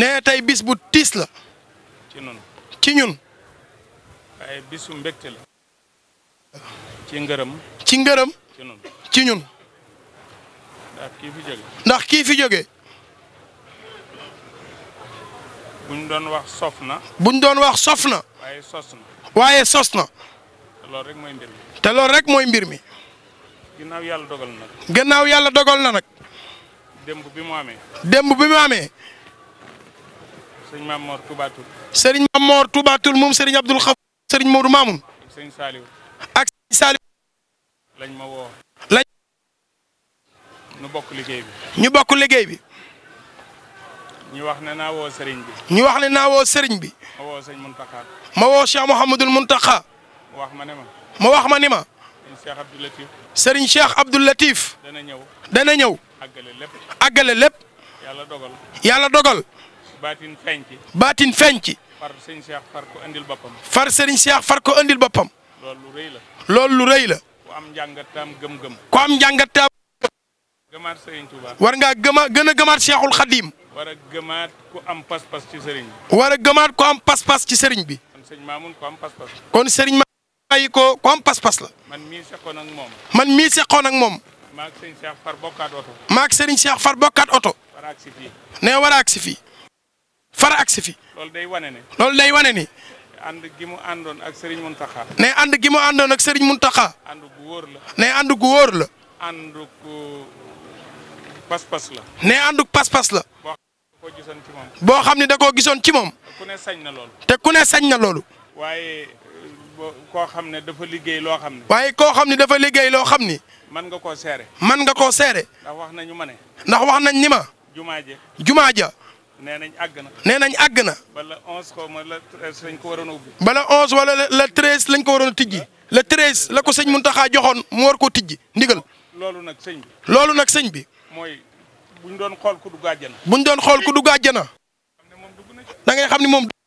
nee tey bis bu tiis la. ci ñun ci ñun. waaye bisu mbégte la. ci ngërëm. ci ngërëm. ci ci ñun. ndax kii fi jóge. ndax kii fi jóge. buñ doon wax sof na. buñ doon wax sof na. waaye sos na. waaye sos na. te loolu rek mooy mbir mi. te loolu rek mooy mbir mi. gannaaw yàlla dogal na nag. gannaaw yàlla dogal na nag. démb bi mu amee. سيرن مامور توباتول موم سيرن عبد الخف سيرن مودو مامون سيرن ساليو اك سيرن ساليو لاج ما و لاج نيو بوك ليغي بي نيو بوك ليغي بي ني واخ نانا و سيرن بي ني واخ لي نا و سيرن بي ما و سيرن منتخا ما و شيخ محمد المنتخا واخ ما نيما ما واخ ما نيما شيخ عبد اللطيف سيرن شيخ عبد اللطيف دا نيو دا نيو اغال ليب اغال ليب يالا دوغال يالا دوغال batin fenti batin baatin far serigne Cheikh far ko andil bopam far serigne Cheikh far ko andil bopam lolou lu la. lolou lu la. ko am jangatam gem gem ko am jangatam gemar serigne Touba. war nga gema gëna gemar Cheikhul Khadim. war gemat ko ku am pass pass ci serigne war a ku am pass pass ci serigne bi. kon sëriñ Mamoun ku am pass pass kon serigne Mamoun ko ku am pass pass la. man mi seqoon ak mom man mi seqoon ak mom mak serigne Cheikh far bokkat auto mak serigne Cheikh far bokkat auto war ak agsi fii. war ak agsi fara agsi fi. loolu day wane ne. loolu day wane ni. ànd gi mu àndoon ak Serigne Mountakha. ne ànd gi mu àndoon ak Serigne Mountakha. ànd gu wóor la. ne ànd gu wóor la. ànd gu pas-pas la. ne ànd gu pas-pas la. boo xam ne da koo gisoon ci boo xam ne da koo gisoon ci moom. te ku ne sañ na loolu. te ku ne sañ na loolu. waaye koo xam ne dafa liggéey loo xam ne. waaye koo xam ne dafa liggéey loo xam ni. man nga koo seere. man nga koo seere. ndax wax nañu ma ne. ndax wax nañ ni ma. jumaa ja jumaa ja. nee nañ àgg na. nee nañ àgg na. bala 11 xaw ma la 13 lañ ko waroon a ubbi. bala onze wala la 13 lañ ko waroon a tijji. le 13 la ko sëñ Muntaxa joxoon mu war koo tijji ndigal. loolu nag sëñ bi. loolu nag sëñ bi. mooy buñ doon xool ku dugg àjjana. buñ doon xool ku dugg àjjana. da ngay xam ni moom.